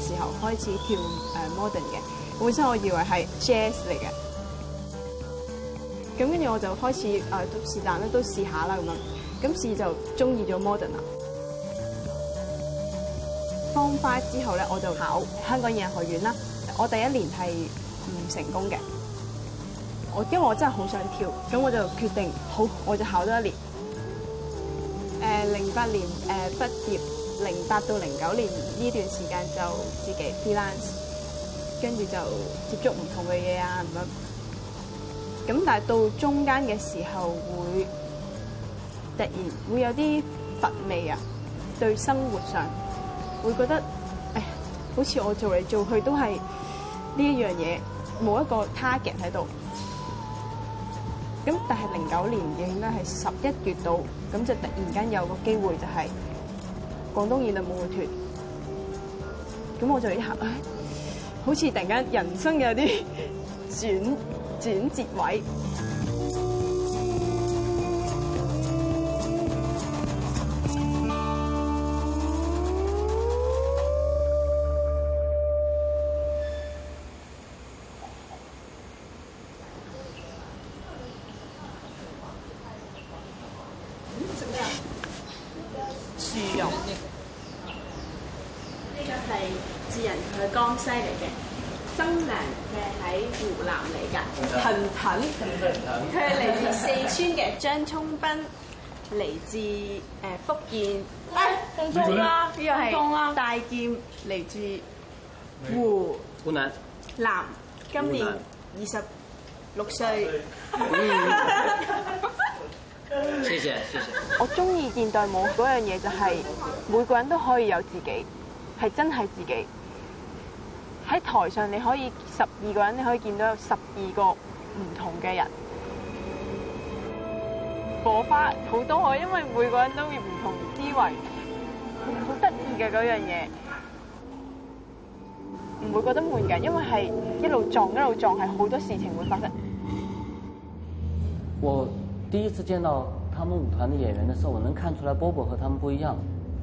時候開始跳 modern 嘅，本身我以為係 jazz 嚟嘅，咁跟住我就開始誒都試彈咧，都試下啦咁樣，咁試就鍾意咗 modern 啦。form five 之後咧，我就考香港演藝學院啦，我第一年係唔成功嘅，我因為我真係好想跳，咁我就決定好，我就考多一年 ,08 年。誒零八年誒畢業。零八到零九年呢段時間就自己 freelance，跟住就接觸唔同嘅嘢啊，咁樣。咁但係到中間嘅時候會突然會有啲乏味啊，對生活上會覺得哎呀，好似我做嚟做去都係呢一樣嘢，冇一個 target 喺度。咁但係零九年嘅應該係十一月度，咁就突然間有個機會就係。廣東語就冇會脫，咁我就一下，好似突然間人生有啲轉轉折位。呢個係智仁，佢係江西嚟嘅；曾良，佢係喺湖南嚟噶；彭騰，佢係嚟自四川嘅；張聰斌，嚟自誒福建；阿鋒啊，呢個係鋒啊，大劍嚟自湖湖南，今年二十六歲。謝謝，謝謝。我中意現代舞嗰樣嘢，就係每個人都可以有自己。係真係自己喺台上，你可以十二個人，你可以見到有十二個唔同嘅人，火花好多啊，因為每個人都唔同思維，好得意嘅嗰樣嘢，唔會覺得悶嘅，因為係一路撞一路撞，係好多事情會發生。我第一次見到他們舞團的演員的時候，我能看出來 Bobo 和他們不一樣。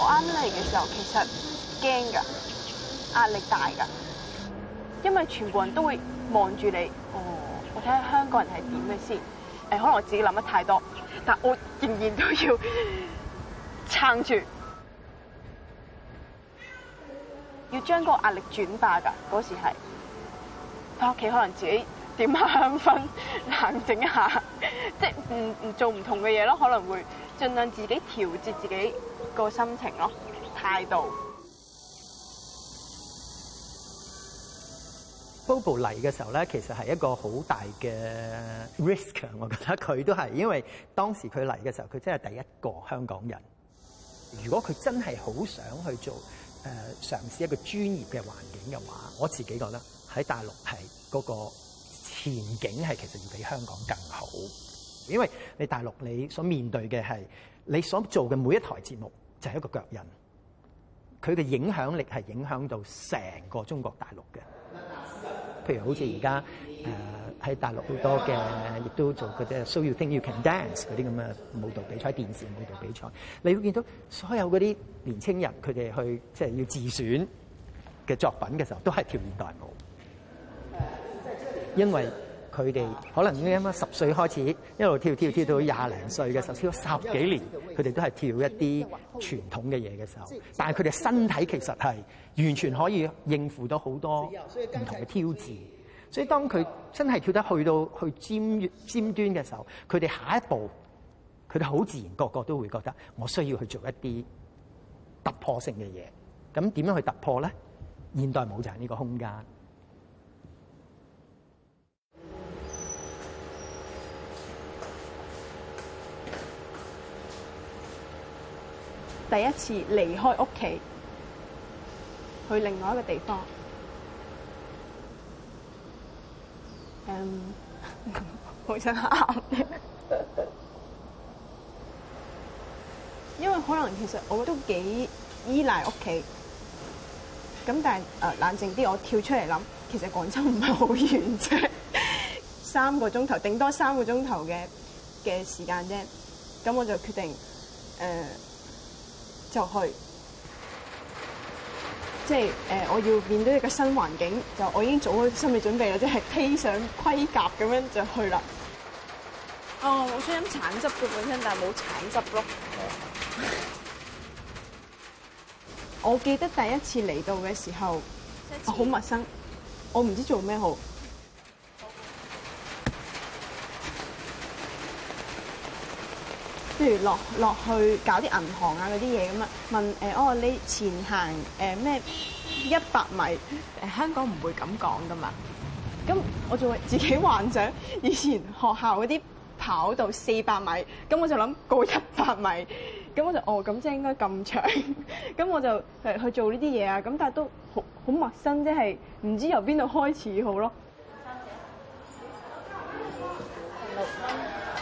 我啱嚟嘅時候其實驚㗎，壓力大㗎，因為全部人都會望住你。哦、我睇下香港人係點嘅先。誒，可能我自己諗得太多，但我仍然都要撐住，要將嗰個壓力轉化㗎。嗰時係返屋企，可能自己點下香薰，冷靜一下，即唔唔做唔同嘅嘢咯。可能會盡量自己調節自己。個心情咯，態度。Bobo 嚟嘅時候咧，其實係一個好大嘅 risk，我覺得佢都係，因為當時佢嚟嘅時候，佢真係第一個香港人。如果佢真係好想去做，誒，嘗試一個專業嘅環境嘅話，我自己覺得喺大陸係嗰個前景係其實要比香港更好，因為你大陸你所面對嘅係你所做嘅每一台節目。就係一個腳印，佢嘅影響力係影響到成個中國大陸嘅。譬如好似而家誒喺大陸好多嘅，亦都做嗰啲 So You Think You Can Dance 嗰啲咁嘅舞蹈比賽、電視舞蹈比賽，你會見到所有嗰啲年輕人佢哋去即係、就是、要自選嘅作品嘅時候，都係跳現代舞，因為。佢哋可能啱啱十歲開始，一路跳跳跳到廿零歲嘅時候，跳咗十幾年，佢哋都係跳一啲傳統嘅嘢嘅時候。但係佢哋身體其實係完全可以應付到好多唔同嘅挑戰，所以當佢真係跳得去到去尖尖端嘅時候，佢哋下一步，佢哋好自然個個都會覺得我需要去做一啲突破性嘅嘢。咁點樣去突破咧？現代舞就係呢個空間。第一次離開屋企去另外一個地方，誒，好想喊，因為可能其實我都幾依賴屋企咁，但係誒冷靜啲，我跳出嚟諗，其實廣州唔係好遠啫，三個鐘頭，頂多三個鐘頭嘅嘅時間啫，咁我就決定誒。就去，即係誒，我要面對一個新環境，就我已經做好心理準備啦，即係披上盔甲咁樣就去啦。哦，我想飲橙汁嘅本身，但係冇橙汁咯。 我記得第一次嚟到嘅時候，好起陌生，我唔知做咩好。譬如落落去搞啲銀行啊嗰啲嘢咁啊，問、哎、誒哦你前行誒咩一百米？誒、哎、香港唔會咁講㗎嘛。咁我就會自己幻想以前學校嗰啲跑道四百米，咁我就諗過一百米，咁我就哦咁即係應該咁長。咁我就係去做呢啲嘢啊，咁但係都好好陌生，即係唔知由邊度開始好咯。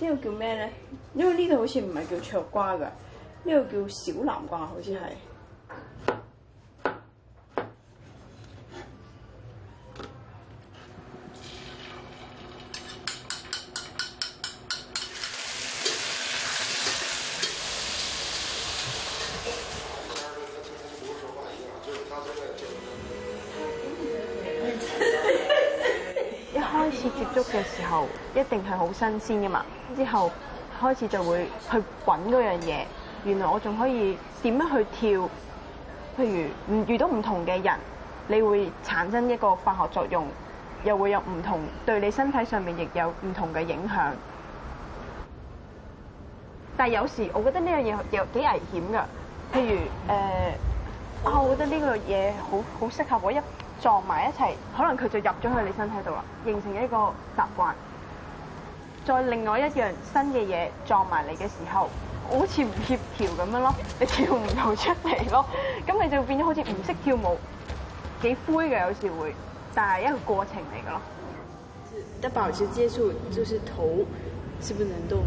呢個叫咩咧？因為呢度好似唔係叫節瓜㗎，呢、呢個叫小南瓜，好似係。好新鮮㗎嘛？之後開始就會去滾嗰樣嘢。原來我仲可以點樣去跳？譬如唔遇到唔同嘅人，你會產生一個化學作用，又會有唔同對你身體上面亦有唔同嘅影響。但係有時我覺得呢樣嘢又幾危險㗎。譬如誒，我覺得呢樣嘢好好適合我一撞埋一齊，可能佢就入咗去你身體度啦，形成一個習慣。再另外一樣新嘅嘢撞埋嚟嘅時候，我好似唔協調咁樣咯，你跳唔到出嚟咯，咁你就變咗好似唔識跳舞，幾灰嘅有時候會，但係一個過程嚟嘅咯。得保持接觸，就是頭是不能動。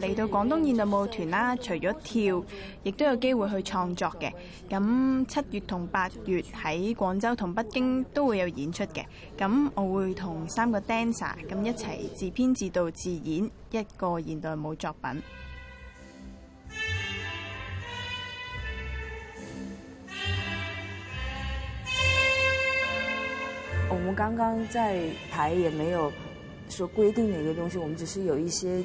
嚟到廣東現代舞團啦，除咗跳，亦都有機會去創作嘅。咁七月同八月喺廣州同北京都會有演出嘅。咁我會同三個 dancer 咁一齊自編自導自演一個現代舞作品。我們剛剛在排，也沒有說規定哪個東西，我們只是有一些。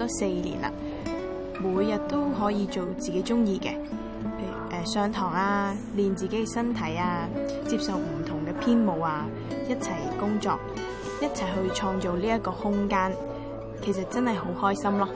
都四年啦，每日都可以做自己中意嘅，譬如上堂啊，練自己嘅身體啊，接受唔同嘅編舞啊，一齊工作，一齊去創造呢一個空間，其實真係好開心咯。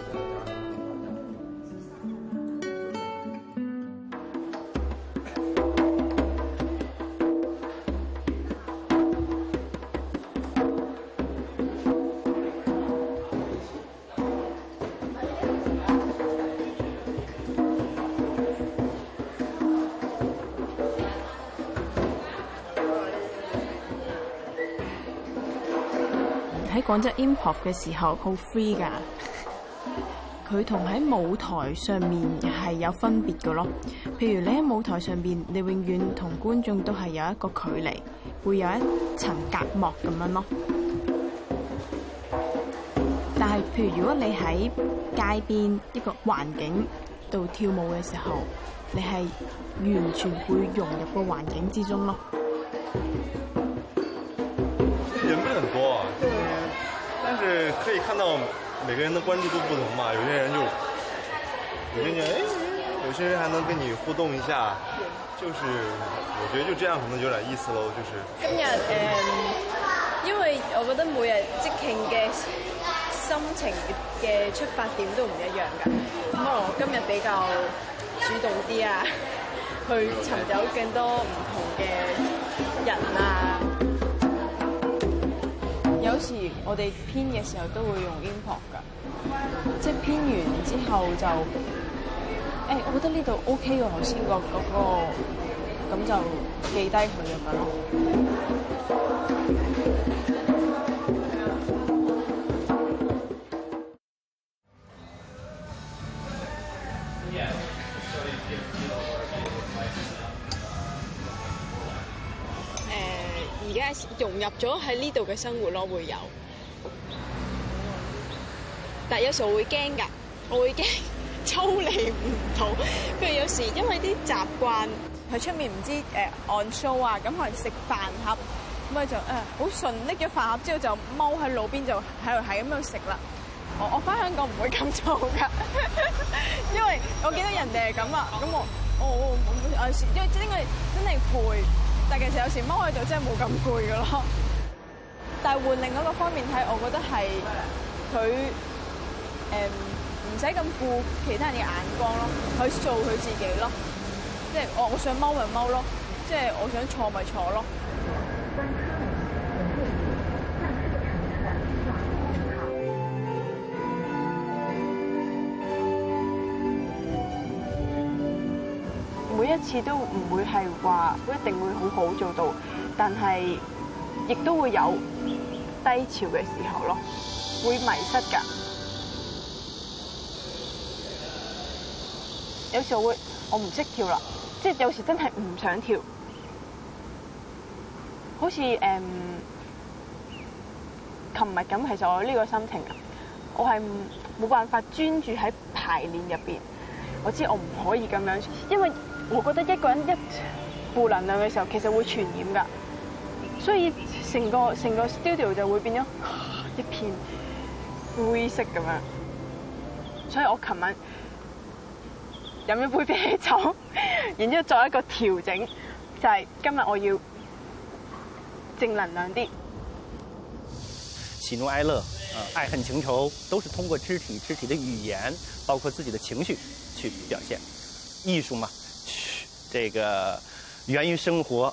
講真，improv 嘅時候好 free 㗎，佢同喺舞台上面係有分別嘅咯。譬如你喺舞台上邊，你永遠同觀眾都係有一個距離，會有一層隔膜咁樣咯。但係譬如如果你喺街邊一個環境度跳舞嘅時候，你係完全會融入個環境之中咯。人不是很多、啊，但是可以看到每個人的關注度不同嘛。有些人就有些人哎，有些人還能跟你互動一下，就是我覺得就這樣可能有點意思嘍。就是今日、嗯、因為我覺得每日即興嘅心情嘅出發點都唔一樣㗎，咁可能我今日比較主動啲啊，去尋找更多唔同嘅人啊。有時我哋編嘅時候都會用 import 㗎，即係編完之後就，誒、欸，我覺得呢度 OK 嘅，頭先個嗰個，咁、那個、就記低佢咁樣。仲有喺呢度嘅生活咯，會有，但有時候我會驚㗎，我會驚抽離唔到。譬如有時因為啲習慣喺出面唔知誒按數啊，咁可能食飯盒，咁啊就誒好、呃、順拎咗飯盒之後就踎喺路邊就喺度係咁樣食啦。我我返香港唔會咁做㗎， 因為我見到人哋係咁啊，咁、嗯、我、哦、我我誒，因為真係真係攰，但其實有時踎喺度真係冇咁攰噶咯。但換另一個方面睇，我覺得係佢誒唔使咁顧其他人嘅眼光咯，佢做佢自己咯，即係我我想踎咪踎咯，即係我想坐咪坐咯。每一次都唔會係話一定會好好做到，但係。亦都會有低潮嘅時候咯，會迷失噶。有時候會我唔識跳啦，即係有時真係唔想跳好像，好似誒琴日咁。其實我呢個心情啊，我係冇辦法專注喺排練入邊。我知我唔可以咁樣，因為我覺得一個人一負能量嘅時候，其實會傳染噶。所以成個成個 studio 就會變咗一片灰色咁樣，所以我琴晚飲一杯啤酒，然之後作一個調整，就係、是、今日我要正能量啲。喜怒哀樂、呃、愛恨情仇，都是通過肢體肢體的語言，包括自己的情緒去表現。藝術嘛，這個源於生活。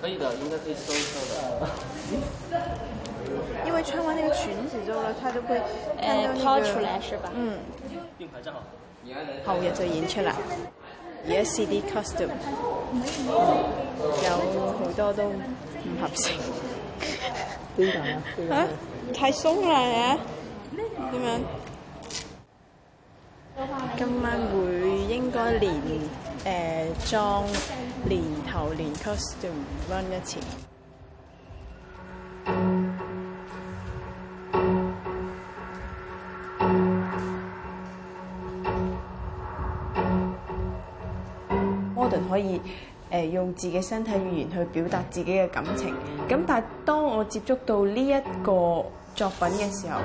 可以的，應該可以收一收的、啊。因為穿完那個裙子之後，它就會誒拋出來，是吧？嗯。後日再演出嚟，而家、嗯、C D custom、嗯、有好多都唔合身。點解啊？吓、啊 啊，太鬆啦、啊，啊點樣？今晚會應該練。誒、呃、裝年頭年 custom run 一次 ，Modern 可以、呃、用自己的身體語言去表達自己嘅感情，咁但係當我接觸到呢一個作品嘅時候，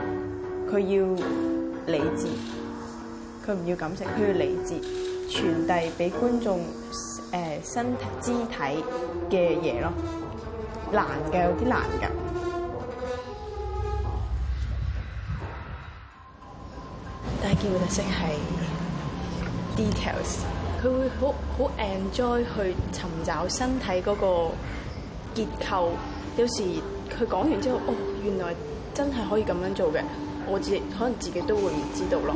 佢要理智，佢唔要感情，佢要理智。傳遞俾觀眾誒，身體肢體嘅嘢咯，難嘅有啲難㗎。但係見嘅特色係 details，佢會好好 enjoy 去尋找身體嗰個結構。有時佢講完之後，哦，原來真係可以咁樣做嘅，我自可能自己都會唔知道咯。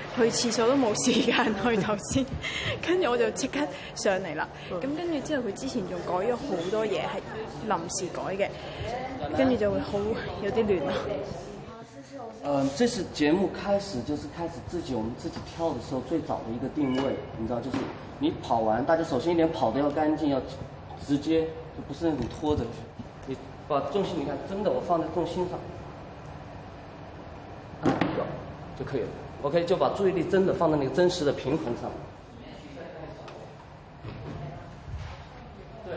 去廁所都冇時間去頭先，跟住我就即刻上嚟啦。咁、嗯、跟住之後，佢之前仲改咗好多嘢係臨時改嘅，嗯、跟住就會好有啲亂咯。嗯，這是節目開始，就是開始自己我們自己跳的時候最早的一個定位，你知道，就是你跑完，大家首先一點跑得要乾淨，要直接，就不是那種拖着，你把重心，你看真的我放在重心上，啊、就可以了。OK，就把注意力真的放在那個真實的平衡上。對，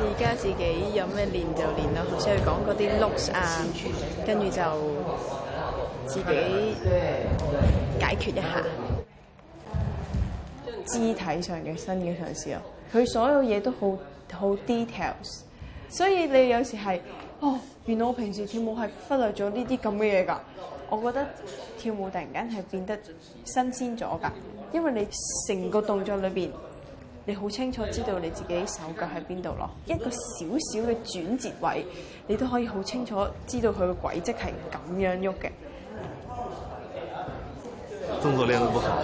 而家自己有咩練就練啦，好似佢講嗰啲 looks 啊，跟住就自己解決一下肢體上嘅新嘅嘗試咯。佢所有嘢都好好 details，所以你有時係。哦，原來我平時跳舞係忽略咗呢啲咁嘅嘢㗎。我覺得跳舞突然間係變得新鮮咗㗎，因為你成個動作裏面，你好清楚知道你自己手腳喺邊度咯。一個小小嘅轉折位，你都可以好清楚知道佢嘅軌跡係咁樣喐嘅。動作練得不好，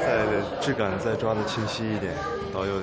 再質感再抓得清晰一點，導有。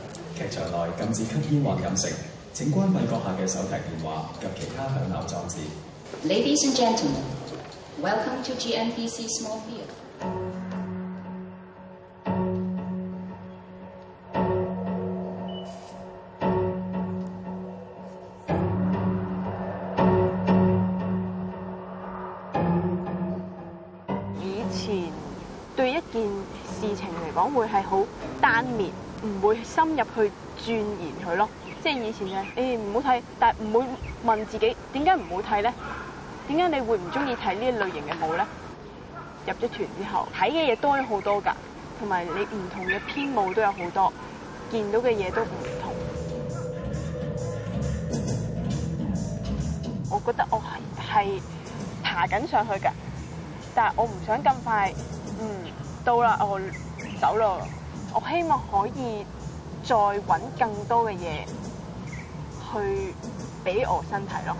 劇場內禁止吸煙或飲食。請關閉閣下嘅手提電話及其他響鬧裝置。Ladies and gentlemen, welcome to GMBC Small Theatre。以前對一件事情嚟講，會係好單面。唔會深入去鑽研佢咯，即係以前嘅，誒、欸、唔好睇，但係唔會問自己點解唔好睇咧？點解你會唔中意睇呢類型嘅舞咧？入咗團之後睇嘅嘢多咗好多㗎，同埋你唔同嘅編舞都有好多，見到嘅嘢都唔同。我覺得我係係爬緊上去㗎，但係我唔想咁快，嗯，到啦，我走咯。我希望可以再揾更多嘅嘢去俾我身體咯。